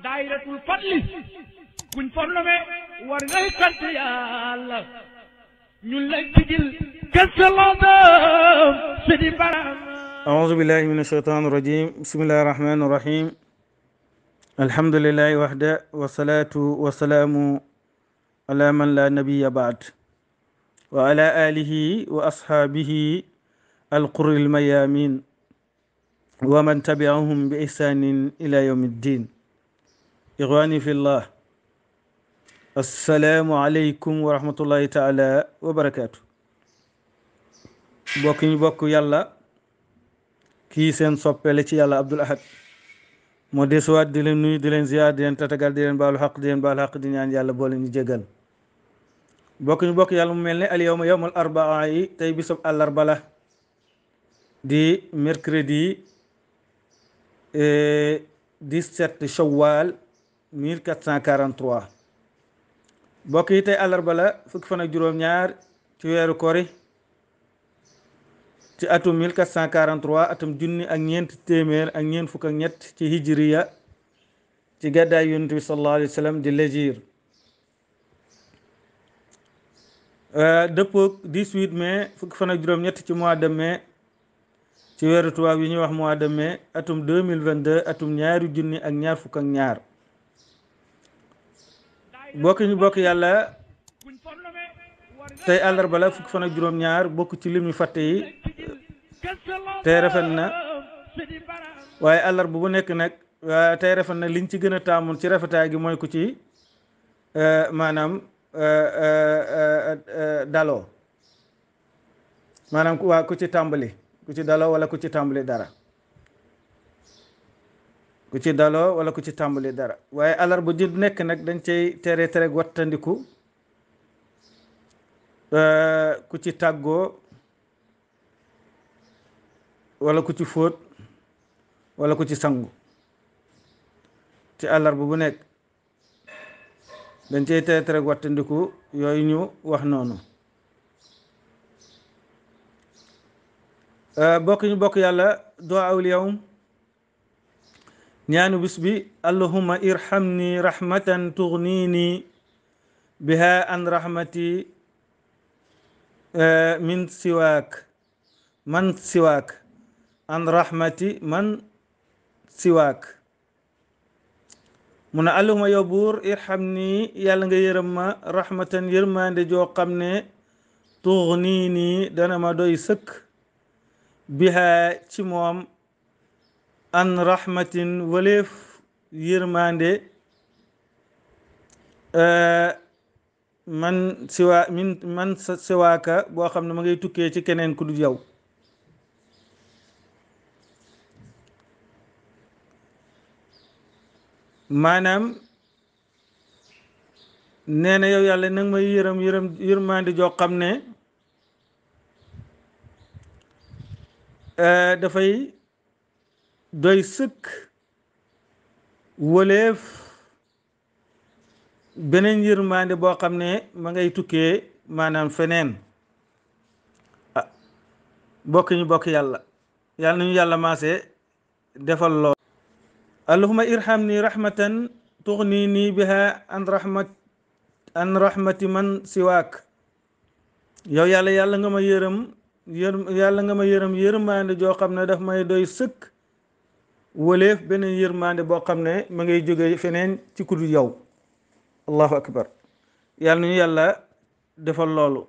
daayiratul fadli kuñ fornome war ngay sant yàlla ñun lay tigil kësalaadam si di baram أعوذ بالله من الشيطان الرجيم بسم الله الرحمن الرحيم الحمد لله وحده والصلاة والسلام على من لا نبي بعد وعلى آله وأصحابه القر الميامين ومن تبعهم بإحسان إلى يوم الدين ixwaani fillah assalaamu aleykum wa taala wa barakaatu bokk ñu bokk yàlla kii seen soppele ci yàlla Abdul Ahad moo desuwaat di leen nuyu di leen ziyaar di tatagal di baalu xaq di baalu xaq di ñaan yàlla boole ñu jégal bokk yàlla mu mel ne al yawma yawmal arbaa yi tey bisab àllarba di mercredi 17 eh, shawwal 1443 mbokk yi tey àllarba la fukki fan ak juróom-ñaar ci weeru kori ci atum 1443 atum junni ak ñeent téeméer ak ñeent fukk ak ñett ci hijriya ci gàddaay yonent bi sallallahu alayhi wa sallam di légir euh, dëppoog 18 fukki fan ak juróom-ñett ci mois de mais ci weeru tubaab yi ñuy wax mois de mais atum 2022 atum ñaari junni ak ñaar fukk ak ñaar bokk bokk yàlla tey àllarba bala fukki fan juróom-ñaar bokk ci lim ñu fàtte yi tey rafet na waaye àllarba bu nekk nag tey rafet na liñ ci gën a taamun ci rafetaay gi mooy ku ci euh, maanaam euh, euh, daloo maanaam waa ku ci tàmbali ku ci daloo wala ku ci tàmbali dara ku ci daloo wala ku ci tàmbali dara waaye alarba ju nekk nag dañ cay tere tere wattandiku eh, ku ci tàggoo wala ku ci fóot wala ku ci sangu ci alarba bu nekk dañ cay tere tere wattandiku yooyu ñu wax noonu eh, bokk bokk yàlla doo awliyawum ñaanu bis bi allahuma irhamni rahmatan tughnini biha an rahmati eh, min siwaak man siwaak an rahmati man siwaak mu ne allahuma yow buur irhamni yàlla nga yërëm ma rahmatan yërmande joo xam ne tughnini dana ma doy sëkk biha ci moom an rahmatin waleef yërmande euh, man siwaa min man siwaaka boo xam ne ma ngay tukkee ci keneen ku du yow maanaam nee na yow yàlla nag may yërëm yërëm yërmande joo xam ne euh, dafay doy sëkk wëleef beneen yërmande boo xam ne ma ngay tukkee maanaam feneen ah bokk ñu yàlla yàlla nañu yàlla maase defal lool allahuma irham ni rahmatan tuxni nii biha an rahmat an rahmati man siwaak yow yàlla yàlla nga ma yërëm yërëm yàlla nga ma yërëm yërmande joo xam ne daf may doy sëkk wëleef beneen yërmande boo xam ne mu ngay jóge feneen ci kudu yow allahu akbar yàlla nañu yàlla defal loolu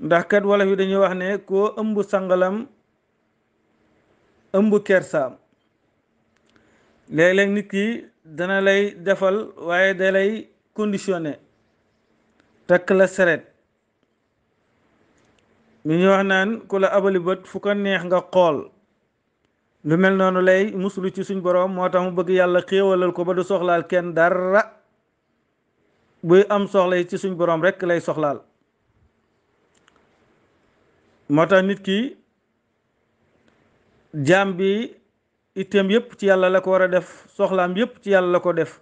ndax kat wala fi dañuy wax ne koo ëmb sàngalam ëmb kersaam léeg nit ki dana lay defal waaye da lay conditionné takk la seret mi ñu wax naan ku la abali bët fu ko neex nga xool lu mel noonu lay muslu ci suñ boroom moo tax mu bëgg yàlla xéewalal ko ba du soxlaal kenn dara buy am soxla ci suñ boroom rekk lay soxlaal moo tax nit ki jaam bi itteem yépp ci yàlla la ko war a def soxlaam yépp ci yàlla la ko def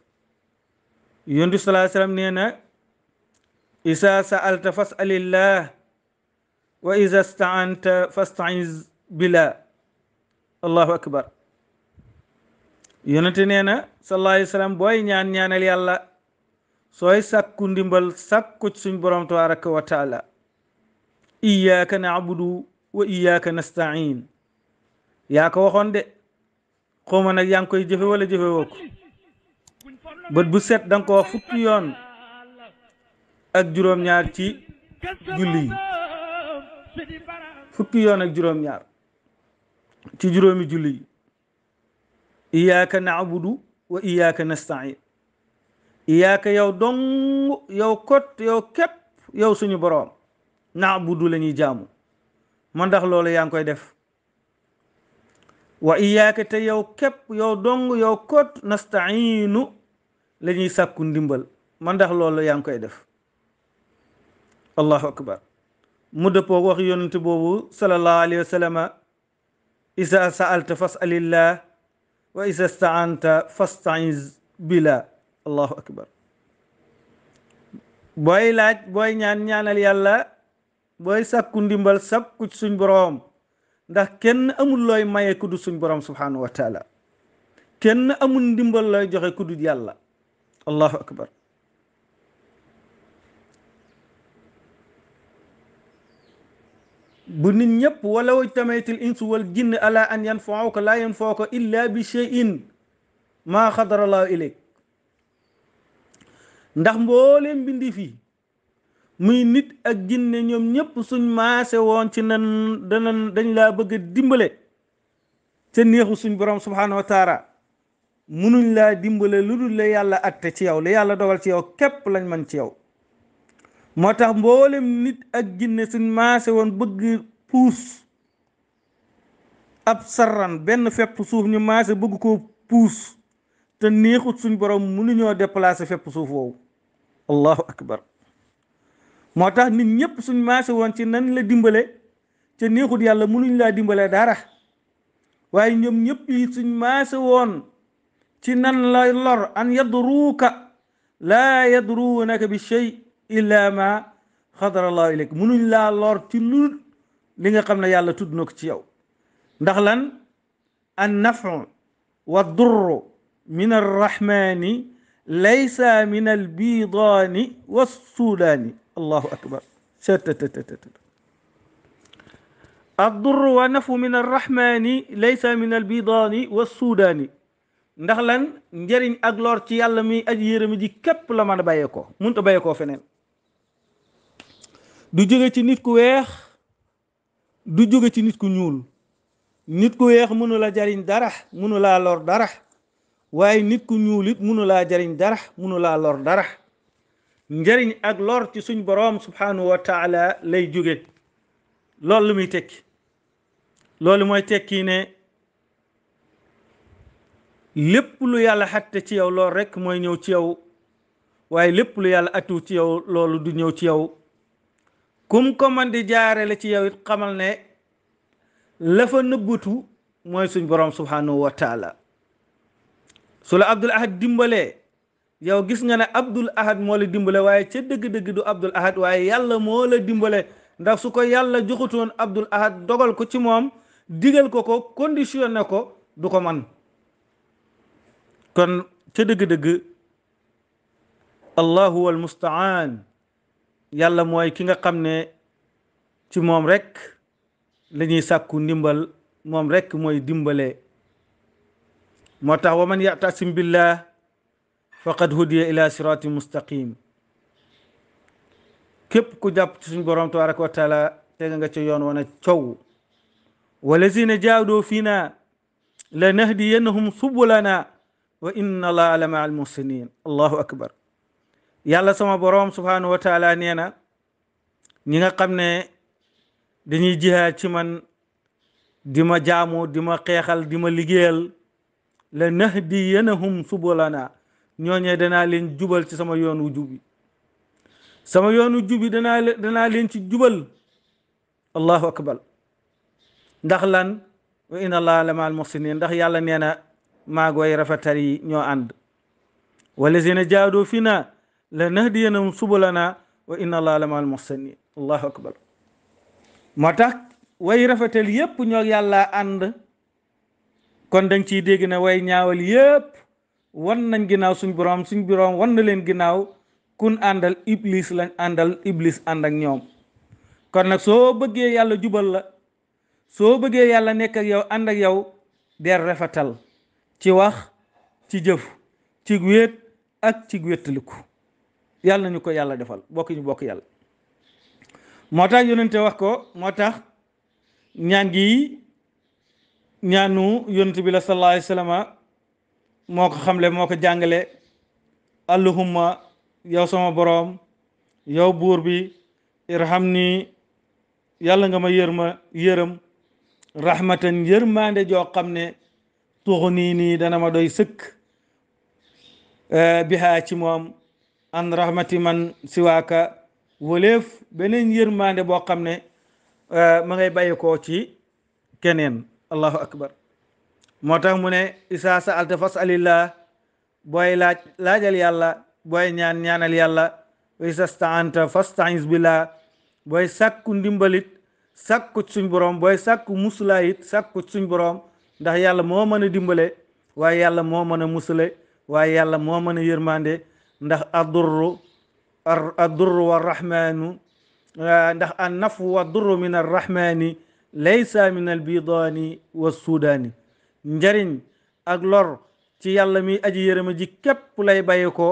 yondu salaa salaam nee na isa saalta fas alillah wa isa staanta fastaiz billah allahu akbar yonente nee na sallallahu alayhi wa sallam ñaan ñaanal yàlla sooy sàkku ndimbal sàkku suñ borom tabaraka wa taala iyaaka naabudu wa iyaaka nastain yaa ko waxoon de xawma nag yaa ngi koy jëfe wala jëfe woo bët bu set da ko fukki yoon ak juróom-ñaar ci julli yi fukki yoon ak juróom-ñaar ci juróomi julli yi iyaaka naabudu wa iyaaka nastain iyaaka yow dong yow kot yow képp yow suñu boroom naabudu la lañuy jaamu man ndax loolu yaa ngi koy def wa iyaaka te yow képp yow dong yow kot nastainu la ñuy sakku ndimbal man ndax loolu yaa ngi koy def allahu akbar mu dëppoo wax yonente boobu sallallahu alayhi wa isa saalta fasalillah wa isa staanta fastaiz billah allahu akbar booy laaj booy ñaan ñaanal yàlla booy sàkku ndimbal sàkku suñ boroom ndax kenn amul looy maye ku du suñ boroom subhanahu wa taala kenn amul ndimbal looy joxe ku du yàlla allahu akbar bu nit ñëpp walaw ijtamaatil insu wal jinn ala an yanfauka laa yanfauka illa bi cheyin maa xadarallahu ilayk ndax mbooleem mbindi fii muy nit ak jinne ñoom ñëpp suñ maase woon ci nan danan dañ laa bëgg dimbale ca neexu suñ borom subhanahu wa taala munuñ laa dimbale lu du la yàlla atte ci yow la yàlla dogal ci yow képp lañ man ci yow moo tax mboolem nit ak jinne suñ maase woon bëgg puus ab sarran benn fepp suuf ñu maase bëgg ko puus te neexut suñ borom mënuñoo déplacer fepp suuf woowu allahu akbar moo tax nit ñëpp suñ maase woon ci nan la dimbale te neexut yàlla mënuñ laa dimbale dara waaye ñoom ñëpp suñ maase woon ci nan la lor an yadruuka laa yadruunaka bi shay illa ma xadarallahu ilayk munuñ laa lor ci lu li nga xam ne yàlla tudd na ko ci yow ndax lan an nafu wa durru min arrahmani laysa min albidaani wassuudaani allahu akbar الضر ونفو من الرحمن ليس من البيضان والسودان ndax lan njariñ ak lor ci yàlla mi aji yërëm ji képp la mën a bàyyeekoo munta bàyyeekoo feneen du jóge ci nit ku weex du jóge ci nit ku ñuul nit ku weex mënu la jariñ dara mënu laa lor dara waaye nit ku ñuul it mënu laa jariñ dara mënu laa lor dara njariñ ak lor ci suñ boroom subhanahu wa taala lay jóge loolu lu muy tekki loolu mooy tekki ne lépp lu yàlla xatte ci yow lool rekk mooy ñëw ci yow waaye lépp lu yàlla atu ci yow loolu du ñëw ci yow kum ko man di jaare la ci yow it xamal ne la fa nëbbatu mooy suñ borom subhanahu wa taala su la abdul ahad dimbalee yow gis nga ne abdul ahad moo la dimbale waaye ca dëgg-dëgg du abdul ahad waaye yàlla moo la dimbale ndax su ko yàlla joxutoon abdul ahad dogal ko ci moom digal ko ko conditionné ko du ko man kon ca dëgg-dëgg allahu wal mustaan yàlla mooy ki nga xam ne ci moom rekk lañuy ñuy sàkku ndimbal moom rekk mooy dimbale moo tax wa man yatasim billah faqad hudiya ila sirati mustaqim képp ku jàpp ci suñ borom tabaraka wa taala tega nga ci yoon wana coow walazina jaadoo fiina la nahdiyannahum subulana wa inna allaha la maa almuhsinin allahu akbar yàlla sama boroom subhanahu wa taala nee na ñi nga xam ne dañuy jihaad ci man di ma jaamu di ma xeexal di ma liggéeyal la nahdiyanahum subulana ñooñee danaa leen jubal ci sama yoonu jubi sama yoonu jubi danaa danaa leen ci jubal allahu akbar ndax lan wa inna allaha la maal muhsinin ndax yàlla nee na maagoy rafetal yi ñoo ànd walazina jaadoo fi la nahdiyanahum subulana wa inna allaha la maal muhsinin allahu akbar moo tax way rafetal yépp ñoo yàlla ànd kon dañ ciy dégg ne way ñaawal yépp wan nañ ginnaaw suñ boroom suñ boroom wan na leen ginnaaw kun àndal iblis lañ àndal iblis ànd ak ñoom kon nag soo bëggee yàlla jubal la soo bëggee yàlla nekk ak yow ànd ak yow der rafetal ci wax ci jëf ci wéet ak ci wéttaliku yàlla nañu ko yàlla defal bokk bokk yàlla moo tax yónente wax ko moo tax ñaan gi ñaanu yónent bi la sallallahu alayhi wa moo ko xamle moo ko jàngale allahumma yow sama boroom yow buur bi irham ni yàlla nga ma yërma yërëm rahmatan yërmaande joo xam ne tuxu nii nii dana ma doy sëkk eh, bihaa ci moom an rahmati man siwaaka wëleef beneen yërmande boo xam ne euh, ma ngay bàyyi koo ci keneen allahu akbar moo tax mu ne isaa sa alta fasalillah booy laaj laajal yàlla booy ñaan ñaanal yàlla wa isa staanta fastaiz billah booy sàkku ndimbalit sàkku suñ boroom booy sàkku musulaayit sàkku suñ borom ndax yàlla moo mën a dimbale waaye yàlla moo mën a musale waaye yàlla moo mën a yërmande ndax a addurru wa rahmanu ndax an nafu wa durru min arrahmani laysa min albidaani wa sudaani njariñ ak lor ci yàlla mi aj yërëma ji képp lay bàyyi ko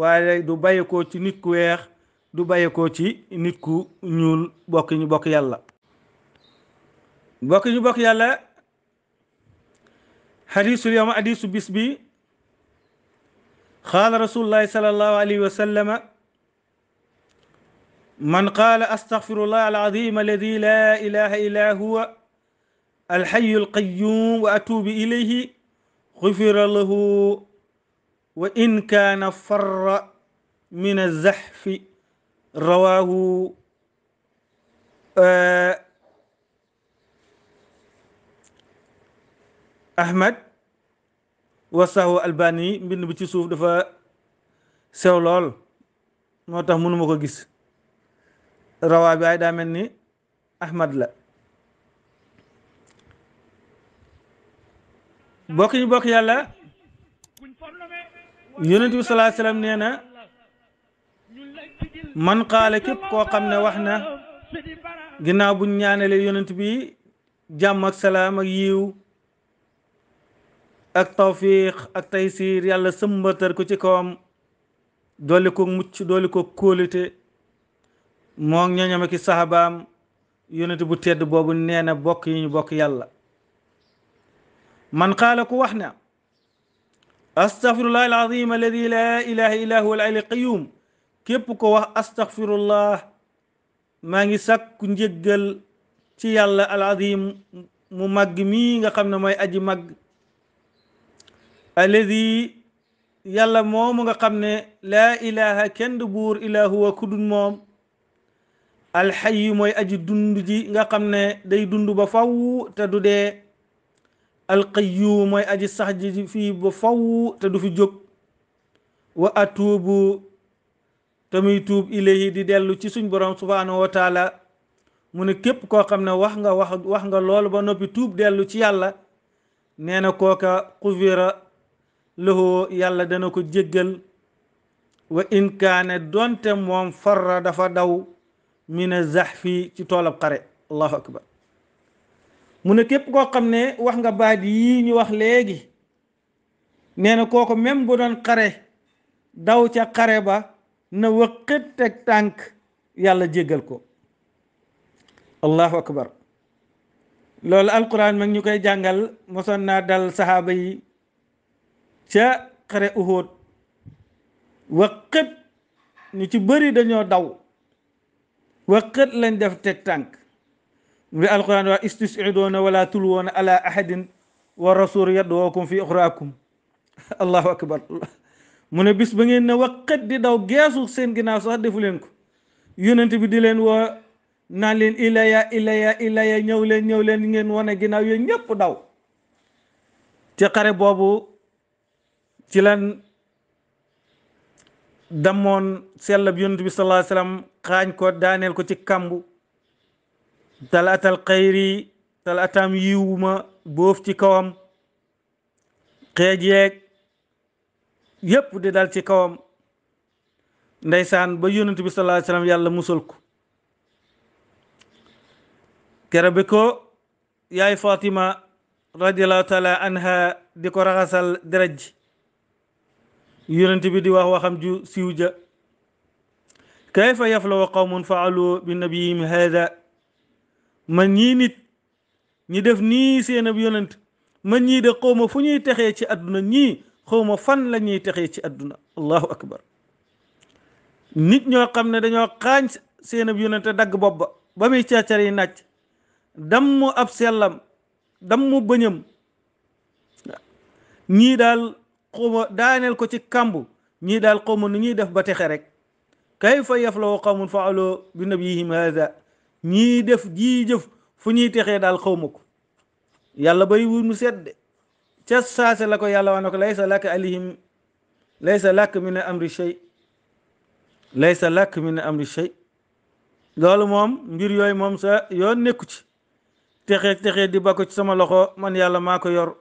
waaye du bàyyi ko ci nit ku weex du bàyyi ko ci nit ku ñuul bokk ñu bokk yàlla bokk ñu bokk yàlla hadisul yawma xaala rasulullahi salallahu alayhi wa sallama man qaala astaxfirullah alazim alladi la ilaha illa huwa alxayu alqayum wa atuubu ilayhi xufira lahu wa in kaana farra min alzaxfi rawaahu eh, ahmad wasaahu albani mbind bi ci suuf dafa sew lool moo tax mënuma ko gis rawaa bi daa mel ni ahmad la bokk ñu bokk yàlla yonent bi salaam nee na man xaale képp koo xam ne wax na ginnaaw buñ ñaanale yonent bi jàmm ak salaam ak yiw ak tawfiq ak taysiir yàlla sëmbatar ko ci kawam dooli ko mucc dooli ko kóolite moo ñooñam ki sahabaam yonent bu tedd boobu nee na bokk yi ñu bokk yàlla man qaala ku wax na astaghfirullah alazim alladi la ilaha illa huwa al qayyum képp ko wax astaghfirullah maa ngi sàkku njëggal ci yàlla alazim mu màgg mii nga xam ne mooy aji màgg alladi yàlla moomu nga xam ne laa ilaha kenn du buur ilaa huwa kudun moom alxayu mooy aji dund ji nga xam ne day dund ba faw te du dee alqayyum mooy aji sax ji fii ba faw te du fi jóg wa atuubu te muy tuub ilayhi di dellu ci suñ borom subhanahu wa mu ne képp koo xam ne wax nga lool ba noppi tuub dellu ci yàlla nee kooka xufira lahu yàlla dana ko jéggal wa in kaane donte moom farra dafa daw mina zahfi ci toolab xare allahu akbar mu ne képp koo xam ne wax nga baat yi ñu wax léegi nee na kooku même bu doon xare daw ca xare ba na wëqit teg tànk yàlla jéggal ko allahu akbar loolu alquran mag ñu koy jàngal mosoon naa dal saxaaba yi ca xare Uhud waqët ñu ci bëri dañoo daw waqët lañ def teg tànk bi alquran waa istusidoona wala tulwoona ala ahadin wa rasul yadwookum fi uxraakum allahu akbar mu ne bis ba ngeen ne waqët di daw geesu seen ginnaaw sax defu leen ko yonent bi di leen woo naan leen ilaya ilaya ilaya ñëw leen ñëw leen ngeen wane ginnaaw yéen ñëpp daw ci xare boobu ci lan damoon sellab yonent bi sallallahu alayhi ko daaneel ko ci kambu talaatal xayri talaatam yiwuma boof ci kawam xeej yeeg yépp di dal ci kawam ndeysaan ba yonent bi sallallahu alayhi wasallam yàlla musal ko kere bi ko yaay Fatima radiyallahu taala anha di ko raxasal derej yonent bi di wax waxam ju siiw ja kayfa yaflaw qawmun faalu bi nabiyim hada man ñii nit ñi def nii seen ab yonent man ñii de xawma fu ñuy texee ci àdduna ñii xawma fan la ñuy texee ci àdduna allahu akbar nit ñoo xam ne dañoo xaañ seen ab yonent dagg bopp ba ba muy caacar yi naaj damm ab sellam damm bëñam ñii daal xawma daaneel ko ci kambu ñii daal xawma nu ñuy def ba texe rek kayfa yaflaw qawmun faaloo bi nabiyihim haada ñii def jii jëf fu ñuy texee daal xawma ko yàlla bay wu mu sedde ca saase la ko yàlla wax ne ko laysa lak alihim laysa lak min amri shay sa lakk min amri shay loolu moom mbir yooyu moom sa yoo nekku ci texe texe di ba ko ci sama loxo man yàlla maa ko yor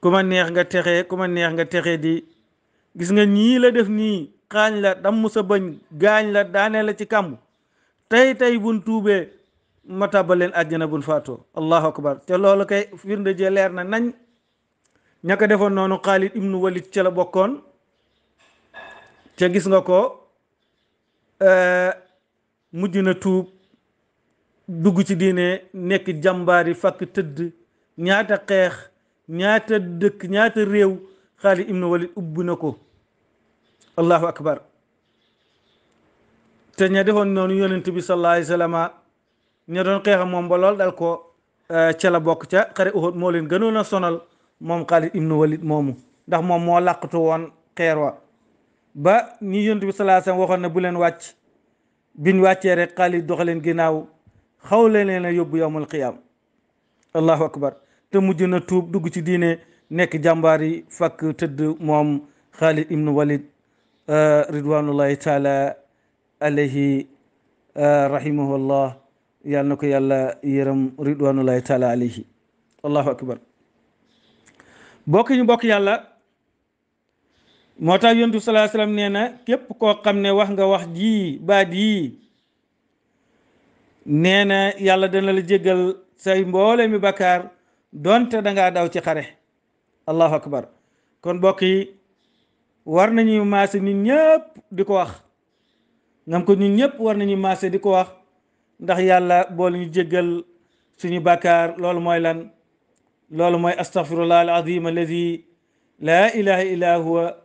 ku neex nga texe ku neex nga texe di gis nga ñii la def nii xaañ la damm sa bañ gaañ la daane la ci kàmb tey tey bun tuubee ma tàbbal leen àjjana bun faatoo allahu akbar te loolu kay firnde ji leer na nañ ña defoon noonu xaalid ibnu walid ca la bokkoon ca gis nga ko euh, mujj na tuub dugg ci diine nekk jàmbaari fakk tëdd ñaata xeex ñaata dëkk ñaata réew Xaalid ibnu Walid ubbi na ko allahu akbar te ña defoon noonu yonent bi sallallahu alayhi wa sallam ña doon xeexa moom ba lool dal ko eh, ca la bokk ca xare Uhud moo leen gënoon a sonal moom Xaalid ibnu Walid moomu ndax moom moo làqatu woon xeer wa ba ni yonent bi sallallahu alayhi wa sallam waxoon ne bu leen wàcc biñ wàccee rek Xaalid doxaleen ginnaaw xaw leen leen a yóbbu yowmal qiyaam allahu akbar te mujj na tuub dugg ci diine nekk jàmbaar yi fàkk tëdd moom Xaalid ibnu Walid euh, ridwanullahi taala alayhi euh, rahimahullah yàlla na ko yàlla yërëm ridwanullahi taala alayhi allahu akbar bokk bokk yàlla moo tax yontu salaa salaam nee na képp koo xam ne wax nga wax jii baat yii nee yàlla dana la jéggal say mboole mi bakkaar donte da ngaa daw ci xare allahu akbar kon mbokk yi war nañu maase ñun ñëpp di ko wax ngam ko ñun ñëpp war nañu maase di ko wax ndax yàlla boole ñu jéggal suñu bàkkaar loolu mooy lan loolu mooy astaghfirullah alazim alladi laa ilaha illa huwa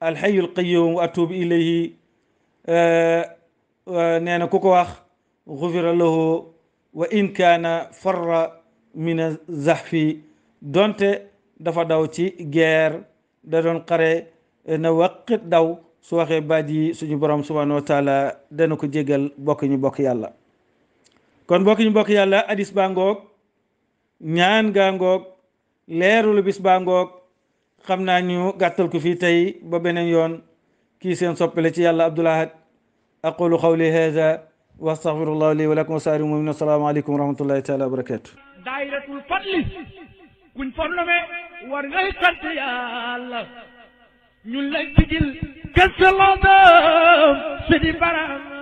alxayu alqayum wa atubu ilayhi nee na ku ko wax gufira lahu wa in kaana farra mina zahfi donte dafa daw ci guerre da doon xare eh, na waqit daw su waxee baat yi suñu borom subhanahu wa taala dana ko jégal bokk ñu bokk yàlla kon bokk ñu bokk yàlla hadis baa ngoog ñaan gaa ngoog leerulu bis baa ngoog xam naa ñu gàttal ko fii tey ba beneen yoon kii seen soppale ci yàlla Abdul Ahad aqulu qawli hada wa astaghfirullah li wa lakum wa saari mumin assalaamu aleykum wa rahmatullahi taala barakatu daayiratul fadli kuñ fornome war ngay sant yàlla ñun lay sigil kese loo doon si di baram